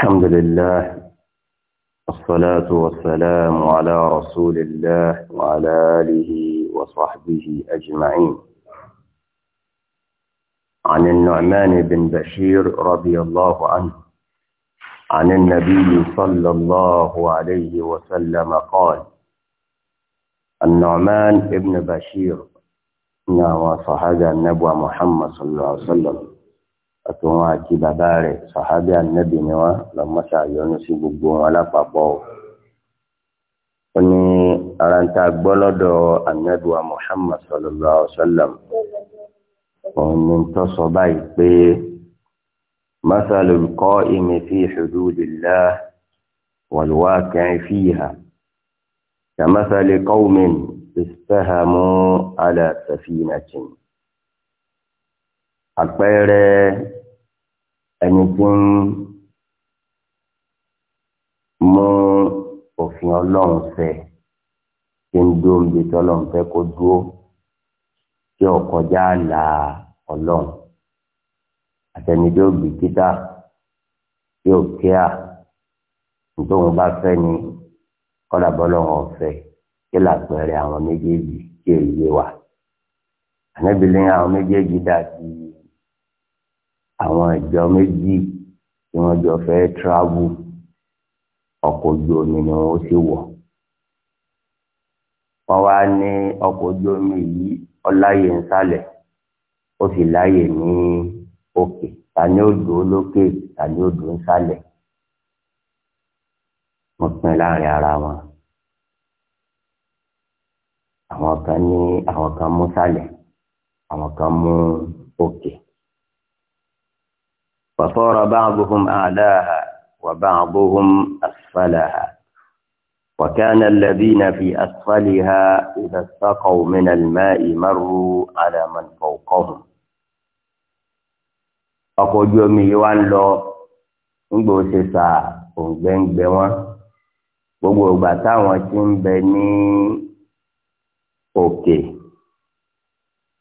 الحمد لله والصلاة والسلام على رسول الله وعلى آله وصحبه أجمعين عن النعمان بن بشير رضي الله عنه عن النبي صلى الله عليه وسلم قال النعمان بن بشير نعم صحابة النبوة محمد صلى الله عليه وسلم àtòun àti bàbá rẹ̀ sàhábì ànábì ni wọ́n lọ́mọ́sà yọ́nú sí gbogbo wọn lápapọ̀ ó ní ara ń ta gbọ́ lọ́dọ̀ ànábì wa Muhammad sallallahu alaihi wasallam òun ni ń tọ́sọ báyìí pé masalul qa'imi fi hududillah wal waqi'i fiha kamasali qawmin istahamu ala safinatin àpẹẹrẹ ẹni tí ń mú òfin ọlọ́run fẹ́ tí ń dúró níbi tí ọlọ́run fẹ́ kó dúró tí ó kọjá àlà ọlọ́run àtẹnidó bìkítà tí ó kíá nítorí bá fẹ́ ni kọ́dà bọ́lọ́run ọ̀fẹ́ kí làpẹẹrẹ àwọn méjèèjì kí èyí wà ànábìlẹ̀ àwọn méjèèjì dàbí àwọn ìjọ méjì tí wọ́n jọ fẹ́ tíráàbù ọkọ̀ ojú omi ni wọ́n sì wọ̀ wọ́n wá ní ọkọ̀ ojú omi yìí ọláyè nsàlẹ̀ ó sì láyè ní òkè tani odò lókè tani odò nsàlẹ̀ wọ́n pín láàrin ara wọn àwọn kan ní àwọn kan mú sàlẹ̀ àwọn kan mú òkè. Okay. فصار بعضهم أعلاها وبعضهم أسفلها وكان الذين في أسفلها إذا استقوا من الماء مروا على من فوقهم ọkọ̀ ojú omi yìí wá ń lọ nígbà ó ṣe sà òǹgbẹ́ǹgbẹ́ wọn gbogbo ìgbà táwọn ti ń bẹ ní òkè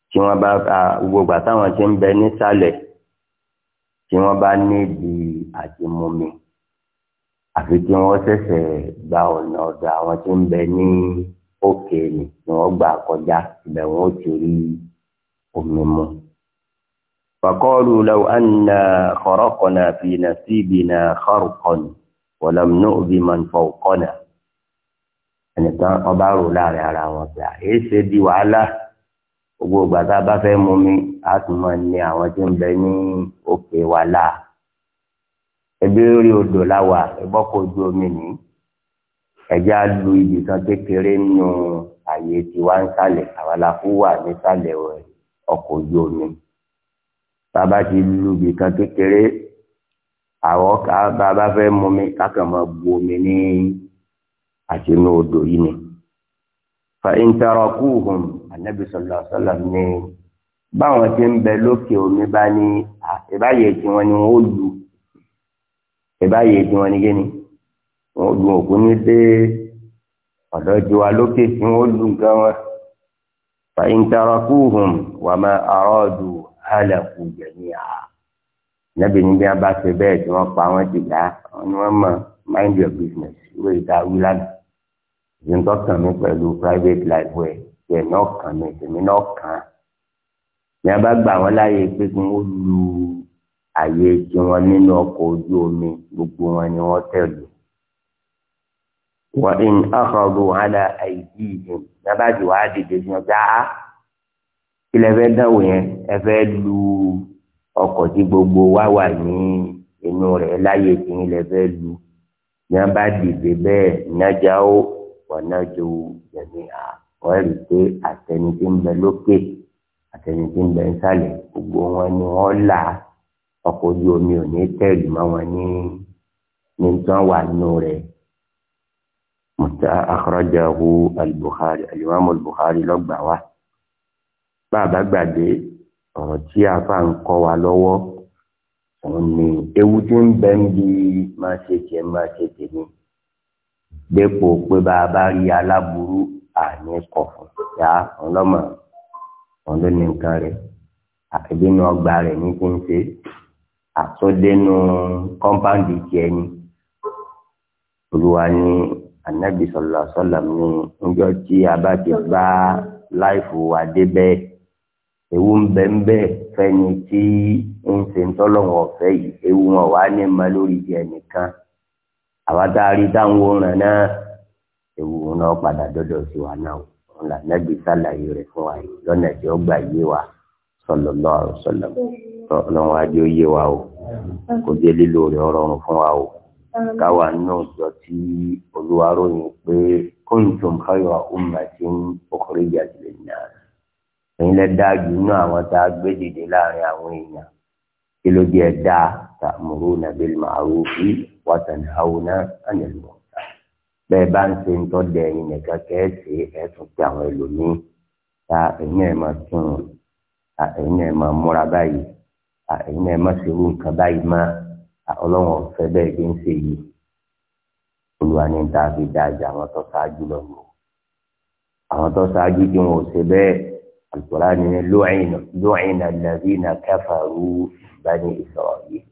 tí wọ́n bá gbogbo ìgbà táwọn ti ń bẹ nísàlẹ̀ tí wọ́n bá níbi àtìmọ́mi àfi kí wọ́n ṣẹ̀ṣẹ̀ gba ọ̀nà ọ̀dọ̀ àwọn tí ń bẹ ní òkè ni tí wọ́n gbà kọjá ibẹ̀ wọ́n ó ti rí omi mu. فقالوا لو أن خرقنا في نصيبنا خرقا ولم نؤذ من فوقنا أن ọba لا láàrin ara wọn pé àyè ṣe gbogbo ìgbà tá a bá fẹ́ mú mi a tún máa ní àwọn tí ń bẹ ní òkè wa là ẹbí rí odò láwà ẹbọ kò ju omi ní ẹjẹ á lu ibìkan kékeré nù àyè tiwa ń sàlẹ̀ àwọn aláfó wà nísàlẹ̀ ọkọ̀ ojú omi bàbá ti lu ibìkan kékeré àwọn bàbá fẹ́ mú mi kákan máa bu omi ní àtinú odò yìí ni fa intarakuhum anabi sallallahu alaihi wasallam ní báwọn ti ń bẹ lókè omi bá ní ìbáyé tí wọn ni wọn ó lu ìbáyé tí wọn ni gíní wọn ó lu òkú ní dé ọ̀dọ̀ ju wa lókè tí wọn ó lu nǹkan wọn fa intarakuhum wa ma aradu halaku jami'a nabi ni bí a bá ṣe bẹ́ẹ̀ tí wọn pa wọn ti dá wọn ni wọn mọ mind your business ìwé ìdáwí lánàá ìdí ń tọ́kàn mi pẹ̀lú private life wẹ̀ tiẹ̀ náà kàn mí tèmi náà kàn án ní a bá gbà wọn láàyè pé kí wọn lu àyè tiwọn nínú ọkọ̀ ojú omi gbogbo wọn ni wọn tẹ̀lé wọn in akọrọ ala àìdí ìhìn nàbàdì wàá dìde sí wọn pé a kílẹ̀ fẹ́ dánwò yẹn ẹ fẹ́ lu ọkọ̀ tí gbogbo wa wà ní inú rẹ̀ láyè tí ń lẹ fẹ́ lu ní a bá dìde bẹ́ẹ̀ nájà ó wọnájú yẹmí à wọ́n rí i pé àtẹni tí ń bẹ lókè àtẹni tí ń bẹ nsàlẹ̀ gbogbo wọn ni wọ́n là ọkọ̀ ojú omi ò ní tẹ̀lé mọ́ wọn ní ní tí wà nù rẹ̀. أخرجه البخاري الإمام البخاري lọ́gbà wá bàbá gbàgbé ọ̀rọ̀ tí a fà ń kọ́ wa lọ́wọ́ òun ni ewu tí ń bẹ ń bi máa ṣe tiẹ̀ máa ṣe tèmi dépò pé bá a bá rí aláburú àní kọ̀ ya ọlọ́mọ òun ló ní nǹkan rẹ̀ àbínú ọgbà rẹ̀ ní kí n ṣe àtúndínú kọ́mpáǹdì tiẹ̀ ni olúwa ní anabi sọlọ sọlọ ní njọ tí a bá ti bá láìfù wa dé bẹ́ẹ̀ ewu ń bẹ ń bẹ fẹ́ni tí ń ṣe ń tọ́lọ́wọ̀n ọ̀fẹ́ yìí ewu wọn wà ní ma lórí nìkan àwa tá a rí táwọn òòràn náà ewu náà padà dọ́dọ̀ sí wa náà òun là nẹ́bí sàlàyé rẹ̀ fún wa yìí lọ́nà tí ó gbà yé wa sallallahu alaihi wasallam ọlọ́run ajé ó yé wa o kò jẹ́ lílo rẹ̀ ọrọ̀run fún wa o káwa náà jọ tí olúwa ròyìn pé kuntum khayra ummatin ukhrijat lin-nas ẹ̀yin lẹ dáa jù nínú àwọn tá a gbé dìde láàrin àwọn èèyàn kí ló jẹ́ dáa ta'muruna bil ma'rufi watanhauna anil munkar bẹ́ẹ̀ bá ń ṣe ń tọ́ da ẹ̀yin nìkan kẹ́ẹ̀sì ẹ̀ tún pe àwọn ẹlòmíín ta ẹ̀yin ẹ̀ máa kírun ta ẹ̀yin ẹ̀ máa múra báyìí ta ẹ̀yin ẹ̀ máa ṣerú nǹkan báyìí má ọlọ́run ọ̀fẹ́ bẹ́ẹ̀ bí ń ṣe yìí olùwà ní ta fi dájà àwọn tó ṣáájú lọ nù àwọn tó ṣáájú tí wọn ò ṣe bẹ́ẹ̀ Al-Qur'ani ni lu'ina alladhina kafaru bani Isra'il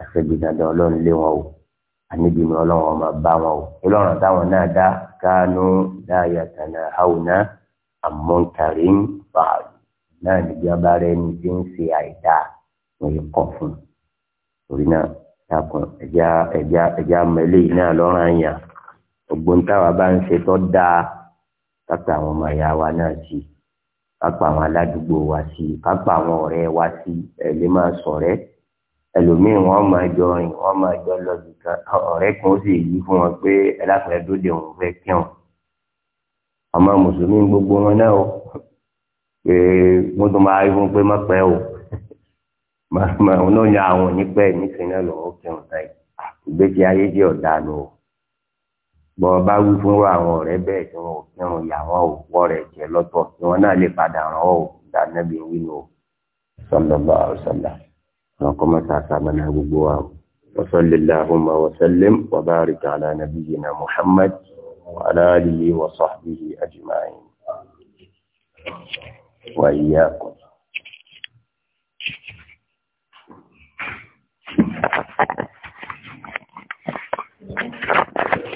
àṣẹbí dandan ọlọ́run lé wọn o àníbi ni ọlọ́run ọmọ bá wọn o ìlọrin táwọn náà dá kánú dáyà tànà haúnà àmọ́ntàrí ń fà náà níbi abára ẹni tí ń ṣe àìdá wọn yìí kọ̀ fún un torí náà takùn ẹja ẹja ẹja mẹ́lẹ́ yìí náà lọ́rùn àyàn ògbón táwa bá ń ṣe tó dáa kápẹ́ àwọn ọmọ ìyá wa náà sí kápẹ́ àwọn aládùúgbò wa sí kápẹ́ àwọn ọ̀rẹ́ wa sí ẹ̀ lè máa sọ̀rẹ́ ẹlòmíì wọn máa jọ rìn wọn máa jọ lọ nìkan ọ̀rẹ́ kan sì yí fún wọn pé ẹlẹ́kùnrin dóde òun fẹ́ kírun àmọ́ mùsùlùmí gbogbo wọn náà o pé wọ́n tún máa rí fún pé má pẹ́ o màmá òun náà yan àwọn onípẹ́ nísìnyí náà lọ́wọ́ kírun táyì ìgbésí ayé jẹ́ ọ̀daràn o bọ́n bá wí fún àwọn ọ̀rẹ́ bẹ́ẹ̀ tí wọn ò kírun yà wọ́n ò wọ́ rẹ̀ jẹ́ lọ́tọ̀ tí wọ́n náà lè padà ràn ọ́ ò فقم تعتمنا بقواه وصل اللهم وسلم وبارك على نبينا محمد وعلى آله وصحبه أجمعين وإياكم